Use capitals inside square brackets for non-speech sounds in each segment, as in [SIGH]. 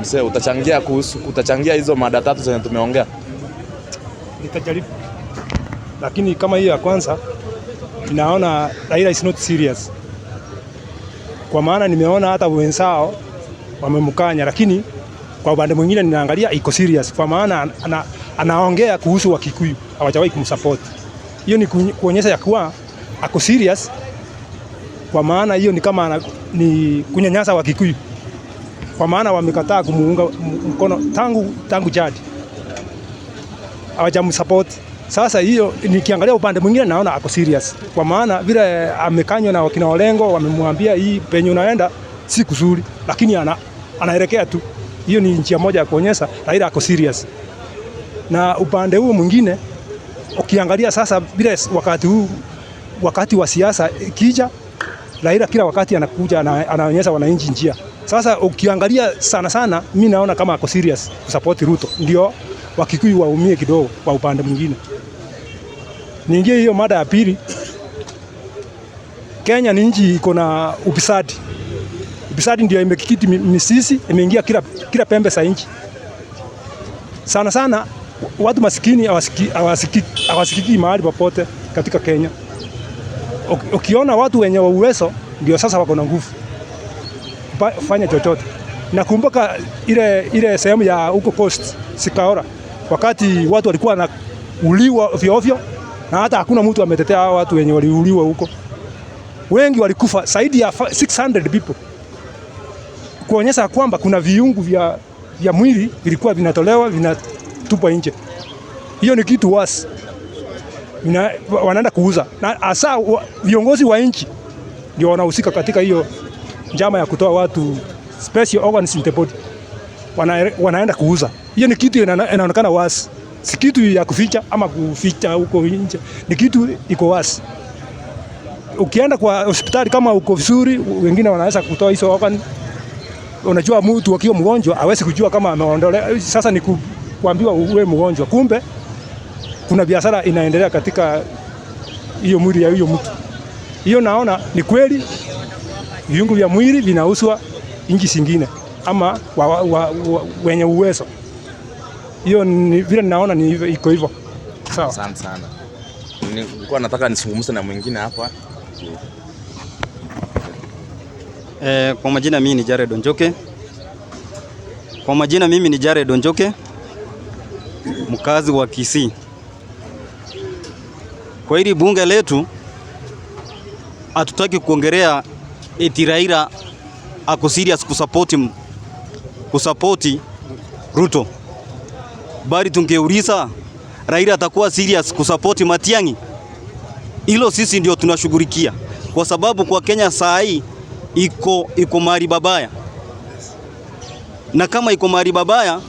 Mzee, utachangia kuhusu, utachangia hizo mada tatu zenye tumeongea? Nitajaribu, lakini kama hiyo ya kwanza naona Raila is not serious, kwa maana nimeona hata wenzao wamemkanya, lakini kwa upande mwingine ninaangalia iko serious, kwa maana ana, ana, anaongea kuhusu Wakikuyu hawajawahi kumsupport. Hiyo ni kuonyesha ya kuwa ako serious, kwa maana hiyo ni kama ni kunyanyasa Wakikuyu kwa maana wamekataa kumuunga mkono tangu, tangu jadi hawajamsupport. Sasa hiyo nikiangalia upande mwingine naona ako serious, kwa maana vile amekanywa na wakina Olengo, wamemwambia hii penye unaenda si kuzuri, lakini ana, anaelekea tu. Hiyo ni njia moja ya kuonyesha Raila ako serious. Na upande huo mwingine ukiangalia sasa, bila wakati huu, wakati wa siasa ikija Raila kila wakati anakuja anaonyesha wananchi njia. Sasa ukiangalia sana sana, mimi naona kama ako serious kusupport Ruto, ndio Wakikuyu waumie kidogo kwa upande mwingine. Niingie hiyo mada ya pili. Kenya ni nchi iko na ufisadi. Ufisadi ndio imekikiti misisi, imeingia kila, kila pembe za nchi. Sana sana watu masikini hawasikiki mahali popote katika Kenya ukiona watu wenye uwezo ndio sasa wako na nguvu fanya chochote. Nakumbuka ile, ile sehemu ya huko Coast Sikaora, wakati watu walikuwa uliwa ovyo ovyo, na hata hakuna mtu ametetea hao watu wenye waliuliwa huko. Wengi walikufa zaidi ya 600 people, kuonyesha kwamba kuna viungu vya, vya mwili vilikuwa vinatolewa vinatupwa nje. Hiyo ni kitu wasi ina, wanaenda kuuza na hasa viongozi wa nchi ndio wanahusika katika hiyo njama ya kutoa watu special organs in the body, wana, wanaenda kuuza. Hiyo ni kitu inaonekana wazi, si kitu ya kuficha ama kuficha huko nje, ni kitu iko wazi. Ukienda kwa hospitali kama uko vizuri, wengine wanaweza kutoa hizo organ. Unajua mtu akiwa mgonjwa hawezi kujua kama ameondolewa. Sasa ni kuambiwa uwe mgonjwa, kumbe kuna biashara inaendelea katika hiyo mwili ya hiyo mtu. Hiyo naona ni kweli, viungo vya mwili vinauzwa nchi zingine ama wa, wa, wa, wa, wenye uwezo. Hiyo ni vile naona ni iko hivyo. Sawa. Asante sana. Nilikuwa nataka nisungumze na mwingine hapa. Eh, kwa majina mimi ni Jared Onjoke. Kwa majina mimi ni Jared Onjoke, mkazi wa Kisii. Kwa hili bunge letu hatutaki kuongelea eti Raila ako serious kusapoti kusapoti Ruto, bali tungeuliza Raila atakuwa serious kusapoti Matiang'i? Hilo sisi ndio tunashughulikia, kwa sababu kwa Kenya saa hii iko iko mahali babaya, na kama iko mahali babaya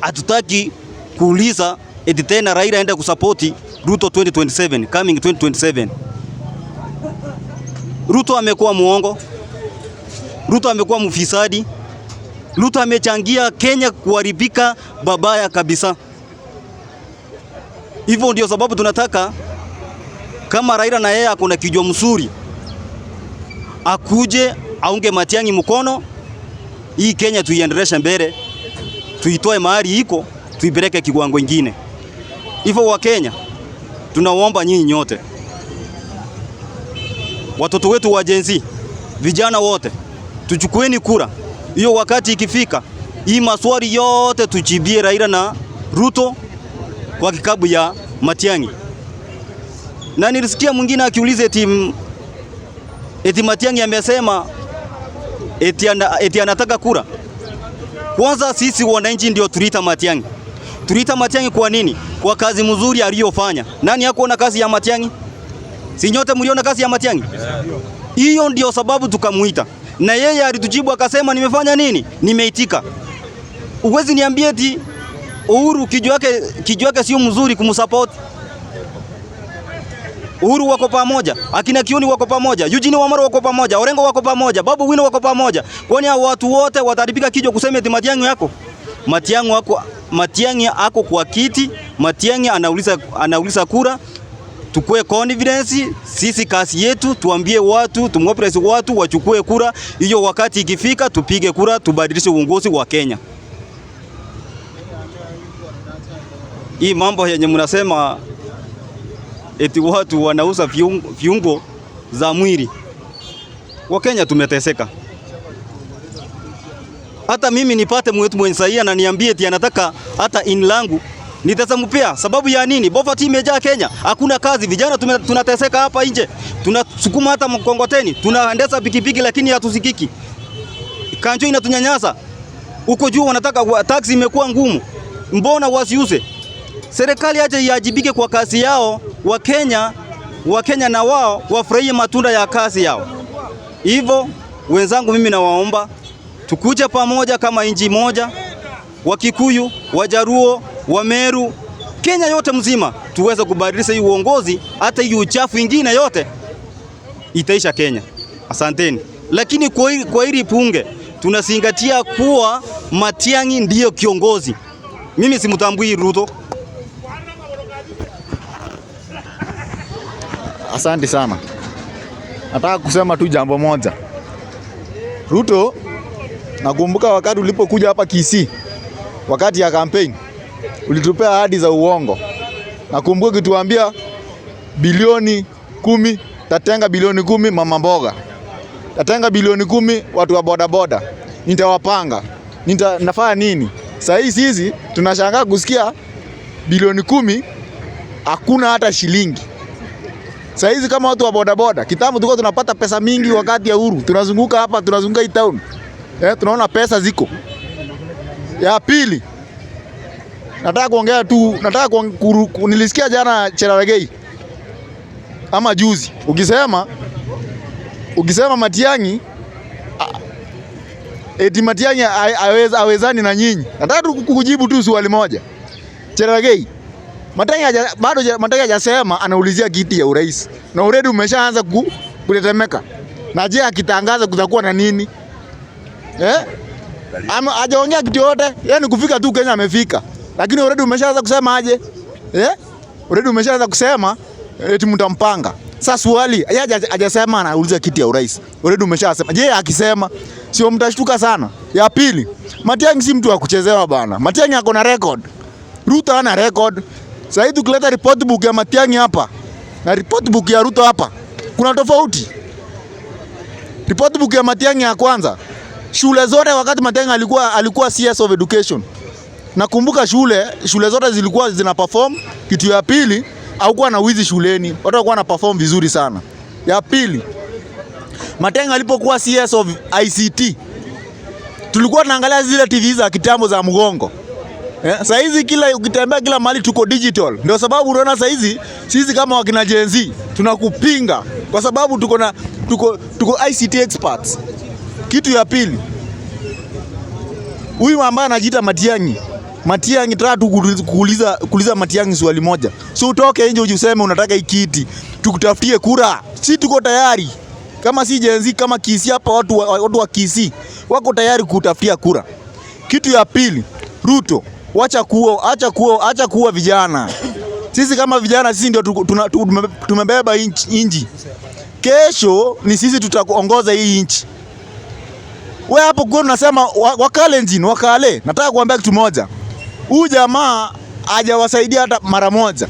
hatutaki kuuliza eti tena Raila aende kusapoti Ruto 2027, coming 2027. Ruto amekuwa muongo. Ruto amekuwa mfisadi. Ruto amechangia Kenya kuharibika babaya kabisa. Hivyo ndio sababu tunataka kama Raila na yeye akona kijwa mzuri akuje aunge Matiang'i mkono, hii Kenya tuiendeleshe mbele, tuitoe mahali iko, tuipeleke kiwango ingine. Hivyo wa Kenya tunawaomba nyinyi nyote, watoto wetu wa Gen Z, vijana wote, tuchukueni kura hiyo. Wakati ikifika, hii maswali yote tujibie Raila na Ruto kwa kikabu ya Matiang'i. Na nilisikia mwingine akiuliza eti, mm, eti Matiang'i amesema eti, eti anataka kura. Kwanza sisi wananchi ndio tuliita Matiang'i. Tuliita Matiang'i kwa nini? Kwa kazi mzuri aliyofanya. Nani hakuona kazi ya Matiang'i? Si nyote mliona kazi ya Matiang'i? Hiyo ndio sababu tukamuita, na yeye alitujibu akasema, nimefanya nini? Nimeitika. Uwezi niambie ti Uhuru kijo yake kijo yake sio mzuri kumsupport. Uhuru wako pamoja, akina Kiuni wako pamoja, Eugene Wamaro wako pamoja, Orengo wako pamoja, Babu Wino wako pamoja. Kwani hao watu wote wataripika kijo kusema eti Matiang'i yako? Matiang'i wako Matiang'i ako kwa kiti, Matiang'i anauliza, anauliza kura. Tukue confidence sisi, kazi yetu tuambie watu, tumobilize watu wachukue kura hiyo. Wakati ikifika tupige kura, tubadilishe uongozi wa Kenya. Hii mambo yenye mnasema eti watu wanauza viungo za mwili, Wakenya tumeteseka hata mimi nipate mwetu mwenye sahihi na niambie eti anataka hata in langu nitasampea. Sababu ya nini? Bofa timu imejaa Kenya, hakuna kazi, vijana tunateseka hapa nje, tunasukuma hata mkongoteni, tunaendesha pikipiki lakini hatusikiki. Kanjo inatunyanyasa huko juu, wanataka taxi imekuwa ngumu, mbona wasiuze? Serikali aje iajibike kwa kazi yao, wa Kenya, wa Kenya na wao wafurahie matunda ya kazi yao. Hivyo wenzangu, mimi nawaomba tukuje pamoja kama inji moja, Wakikuyu, Wajaruo, Wameru, Kenya yote mzima, tuweze kubadilisha hii uongozi. Hata hii uchafu ingine yote itaisha Kenya. Asanteni. Lakini kwa hili punge tunazingatia kuwa Matiang'i ndiyo kiongozi. Mimi simtambui Ruto. Asante sana. Nataka kusema tu jambo moja. Ruto Nakumbuka wakati ulipokuja hapa Kisii wakati ya campaign, ulitupea ahadi za uongo. Nakumbuka ukituambia bilioni kumi tatenga bilioni kumi mama mboga, tatenga bilioni kumi watu wa bodaboda, nitawapanga nita, nafanya nini? Saa hii sisi tunashangaa kusikia bilioni kumi hakuna hata shilingi. Saa hizi kama watu wa bodaboda, kitambo tulikuwa tunapata pesa mingi wakati ya uhuru, tunazunguka hapa, tunazunguka hii town eh, tunaona pesa ziko. Ya pili nataka kuongea tu, nataka ku, nilisikia jana Cheraregei ama juzi ukisema ukisema Matiang'i eti Matiang'i awezani na nyinyi. Nataka kukujibu tu swali moja Cheraregei, Matiang'i bado Matiang'i hajasema anaulizia kiti ya urais na uredi umeshaanza kutetemeka, na je akitangaza kutakuwa na nini? Eh? Ajaongea kitu yote. Yeye yaani kufika tu Kenya amefika. Lakini already umeshaanza kusema aje? Eh? Already umeshaanza kusema eh, eti mtampanga. Sasa swali, yeye hajasema anauliza kiti ya urais. Already umeshasema. Je, akisema sio mtashtuka sana. Ya pili, Matiang'i si mtu wa kuchezewa bana. Matiang'i ako na record. Ruto ana record. Sasa hivi tukileta report book ya Matiang'i hapa na report book ya Ruto hapa, kuna tofauti. Report book ya Matiang'i ya kwanza shule zote wakati Matenga alikuwa, alikuwa CS of Education. Nakumbuka shule shule zote zilikuwa zina perform. Kitu ya pili, haukuwa na wizi shuleni, watu walikuwa na perform vizuri sana. Ya pili, Matenga alipokuwa CS of ICT tulikuwa tunaangalia zile TV za kitambo za mgongo eh. Saa hizi kila ukitembea kila mahali tuko digital, ndio sababu unaona saa hizi sisi kama wakina Gen Z tunakupinga kwa sababu tuko na tuko, tuko ICT experts kitu ya pili, huyu ambaye anajiita Matiangi, Matiangi, nataka tu kuuliza kuuliza Matiangi swali moja. So utoke nje ujiseme unataka hii kiti tukutafutie kura, si tuko tayari kama si jenzi kama Kisii hapa watu, watu wa Kisii wako tayari kutafutia kura. Kitu ya pili, Ruto, wacha kuo, acha kuo, acha kuo vijana. Sisi kama vijana sisi ndio tumebeba inchi. Kesho ni sisi tutaongoza hii inchi wewe hapo kwa unasema Wakalenjin, Wakale, nataka kuambia kitu moja. huu jamaa hajawasaidia hata mara moja.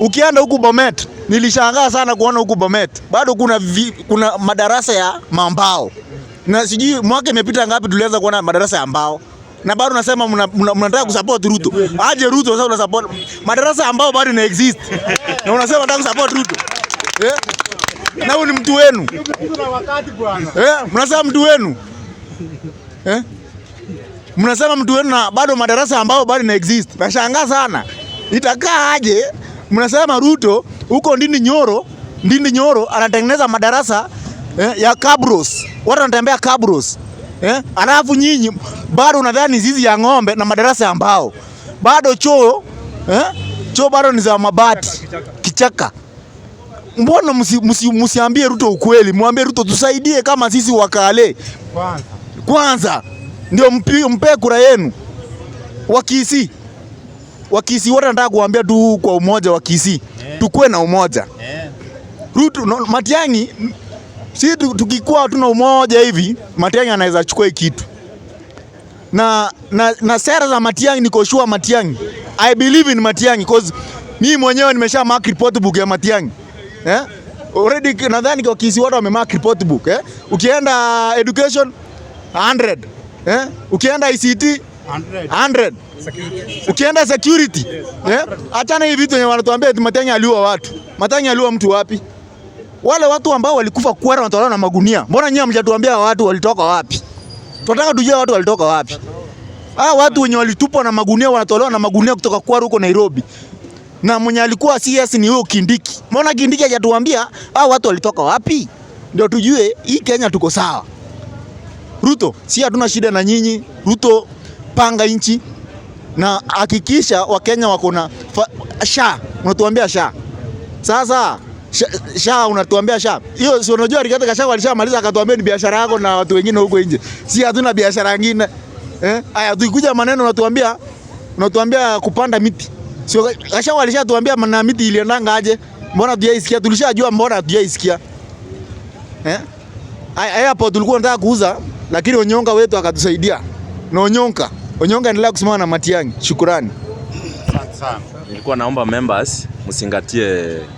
Ukienda huku Bomet, nilishangaa sana kuona huku Bomet. Bado kuna vi, kuna madarasa ya mambao. Na sijui mwaka imepita ngapi tuliweza kuona madarasa ya mbao. Na bado unasema mnataka kusupport Ruto. Aje Ruto sasa una support madarasa ambao bado ina exist. Na unasema unataka kusupport Ruto. Eh? Na huyu ni mtu wenu. Eh, mnasema mtu wenu. [LAUGHS] eh? Mnasema mtu wenu na bado madarasa ambayo bado na exist. Nashangaa sana. Itakaa aje? Mnasema Ruto huko Ndindi Nyoro, Ndindi Nyoro anatengeneza madarasa eh, ya kabros. Watu wanatembea kabros. Eh? Alafu nyinyi bado unadhani zizi ya ng'ombe na madarasa ya mbao. Bado choo eh? Choo bado ni za mabati. Kichaka. Mbona msiambie Ruto ukweli? Mwambie Ruto tusaidie kama sisi wakale. Kwanza kwanza ndio mpe kura yenu wa Kisii. Wa Kisii wote nataka kuambia tu kwa umoja wa Kisii yeah. Tukue na umoja yeah. Ruto no, Matiang'i si tukikuwa tuna umoja hivi Matiang'i anaweza chukua kitu na, na, na sera za Matiang'i niko sure Matiang'i. I believe in Matiang'i because mimi mwenyewe nimesha mark report book ya Matiang'i. Eh? Already nadhani kwa Kisii wote wame mark report book eh? Ukienda education 100. Eh? Ukienda ICT 100. Ukienda security eh? Achana hivi vitu wenye wanatuambia eti Matanya aliua watu. Matanya aliua mtu wapi? Wale watu ambao walikufa kwara wanatolewa na magunia. Mbona nyinyi hamjatuambia watu walitoka wapi? Tunataka tujue watu walitoka wapi. Ah, watu wenye walitupwa na magunia wanatolewa na magunia kutoka kwara huko Nairobi. Na mwenye alikuwa CS ni huyo Kindiki. Mbona Kindiki hajatuambia hao watu walitoka wapi? Ndio tujue hii Kenya tuko sawa. Ruto, si hatuna shida na nyinyi. Ruto, panga nchi na hakikisha Wakenya wako na sha. Unatuambia sha sasa sha, sha unatuambia sha hiyo, si unajua alikata kasha alishamaliza, akatuambia ni biashara yako na watu wengine huko nje. Si hatuna biashara nyingine eh? Aya, tuikuja maneno unatuambia unatuambia kupanda miti, sio kasha alishatuambia maneno miti iliendanga aje? Mbona tujaisikia? Tulishajua, mbona tujaisikia eh? Aya, hapo tulikuwa tunataka kuuza lakini onyonga wetu akatusaidia na Onyonka, Onyonga, endelea kusimama na Matiang'i. Shukurani sana. Nilikuwa naomba members msingatie